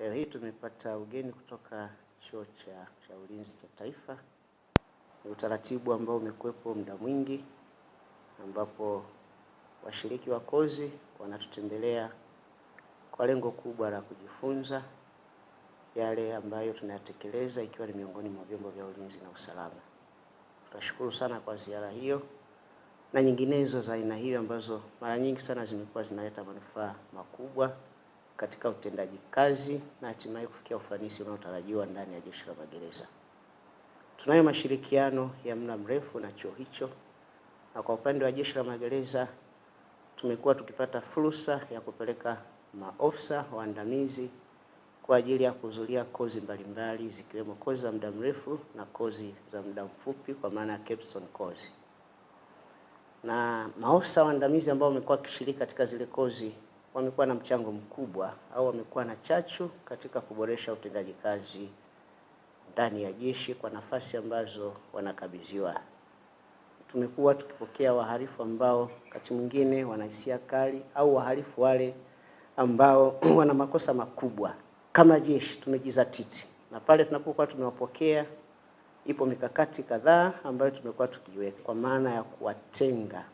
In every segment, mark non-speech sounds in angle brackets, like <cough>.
Leo hii tumepata ugeni kutoka Chuo cha, cha Ulinzi cha Taifa. Ni utaratibu ambao umekuwepo muda mwingi, ambapo washiriki wa kozi wanatutembelea kwa lengo kubwa la kujifunza yale ambayo tunayatekeleza ikiwa ni miongoni mwa vyombo vya ulinzi na usalama. Tunashukuru sana kwa ziara hiyo na nyinginezo za aina hiyo ambazo mara nyingi sana zimekuwa zinaleta manufaa makubwa katika utendaji kazi na hatimaye kufikia ufanisi unaotarajiwa ndani ya Jeshi la Magereza. Tunayo mashirikiano ya muda mrefu na chuo hicho, na kwa upande wa Jeshi la Magereza tumekuwa tukipata fursa ya kupeleka maofisa waandamizi kwa ajili ya kuhudhuria kozi mbalimbali zikiwemo kozi za muda mrefu na kozi za muda mfupi kwa maana ya capstone kozi, na maofisa waandamizi ambao wamekuwa wakishiriki katika zile kozi wamekuwa na mchango mkubwa au wamekuwa na chachu katika kuboresha utendaji kazi ndani ya jeshi kwa nafasi ambazo wanakabidhiwa. Tumekuwa tukipokea wahalifu ambao wakati mwingine wana hisia kali au wahalifu wale ambao <clears throat> wana makosa makubwa. Kama jeshi tumejizatiti, na pale tunapokuwa tumewapokea, ipo mikakati kadhaa ambayo tumekuwa tukiweka kwa maana ya kuwatenga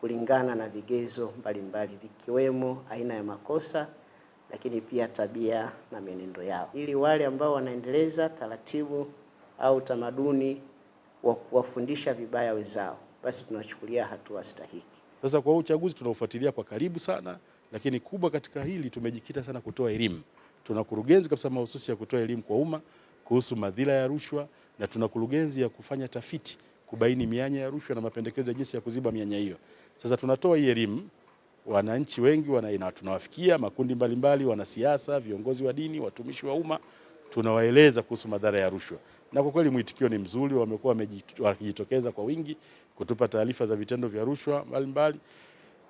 kulingana na vigezo mbalimbali vikiwemo aina ya makosa, lakini pia tabia na mienendo yao, ili wale ambao wanaendeleza taratibu au utamaduni wa kuwafundisha vibaya wenzao, basi tunawachukulia hatua stahiki. Sasa kwa uchaguzi tunaufuatilia kwa karibu sana, lakini kubwa katika hili tumejikita sana kutoa elimu. Tuna kurugenzi kabisa mahususi ya kutoa elimu kwa umma kuhusu madhila ya rushwa na tuna kurugenzi ya kufanya tafiti kubaini mianya ya rushwa na mapendekezo ya jinsi ya kuziba mianya hiyo. Sasa tunatoa hii elimu, wananchi wengi wana, tunawafikia makundi mbalimbali, wanasiasa, viongozi wa dini, watumishi wa umma, tunawaeleza kuhusu madhara ya rushwa, na kwa kweli mwitikio ni mzuri, wamekuwa wakijitokeza kwa wingi kutupa taarifa za vitendo vya rushwa mbalimbali.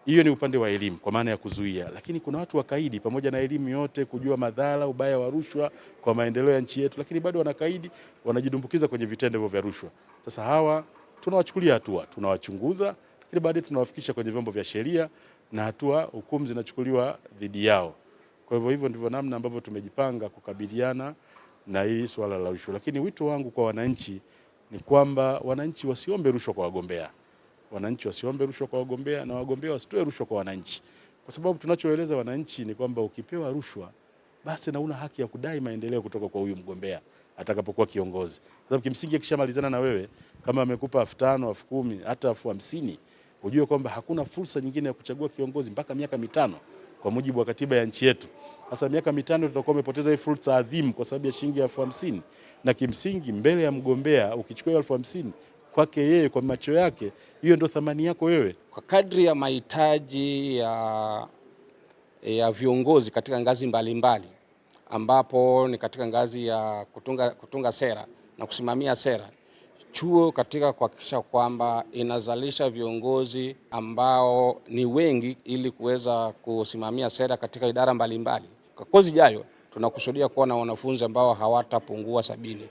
Hiyo ni upande wa elimu kwa maana ya kuzuia, lakini kuna watu wakaidi, pamoja na elimu yote, kujua madhara, ubaya wa rushwa kwa maendeleo ya nchi yetu, lakini bado wanakaidi, wanajidumbukiza kwenye vitendo hivyo vya rushwa. Sasa hawa tunawachukulia hatua, tunawachunguza, lakini baadaye tunawafikisha kwenye vyombo vya sheria na hatua, hukumu zinachukuliwa dhidi yao. Kwa hivyo, hivyo ndivyo namna ambavyo tumejipanga kukabiliana na hili swala la rushwa, lakini wito wangu kwa wananchi ni kwamba wananchi wasiombe rushwa kwa wagombea wananchi wasiombe rushwa kwa wagombea na wagombea wasitoe rushwa kwa wananchi, kwa sababu tunachoeleza wananchi ni kwamba ukipewa rushwa, basi na una haki ya kudai maendeleo kutoka kwa huyu mgombea atakapokuwa kiongozi, kwa sababu kimsingi akishamalizana na wewe, kama amekupa elfu tano elfu kumi hata elfu hamsini ujue kwamba hakuna fursa nyingine ya kuchagua kiongozi mpaka miaka mitano kwa mujibu wa katiba ya nchi yetu. Sasa miaka mitano tutakuwa umepoteza hii fursa adhimu kwa sababu ya shilingi elfu hamsini na kimsingi, mbele ya mgombea ukichukua elfu hamsini kwake yeye, kwa macho yake, hiyo ndio thamani yako wewe. Kwa kadri ya mahitaji ya, ya viongozi katika ngazi mbalimbali mbali, ambapo ni katika ngazi ya kutunga, kutunga sera na kusimamia sera, chuo katika kuhakikisha kwamba inazalisha viongozi ambao ni wengi ili kuweza kusimamia sera katika idara mbalimbali mbali. Kwa kozi ijayo tunakusudia kuwa na wanafunzi ambao hawatapungua sabini.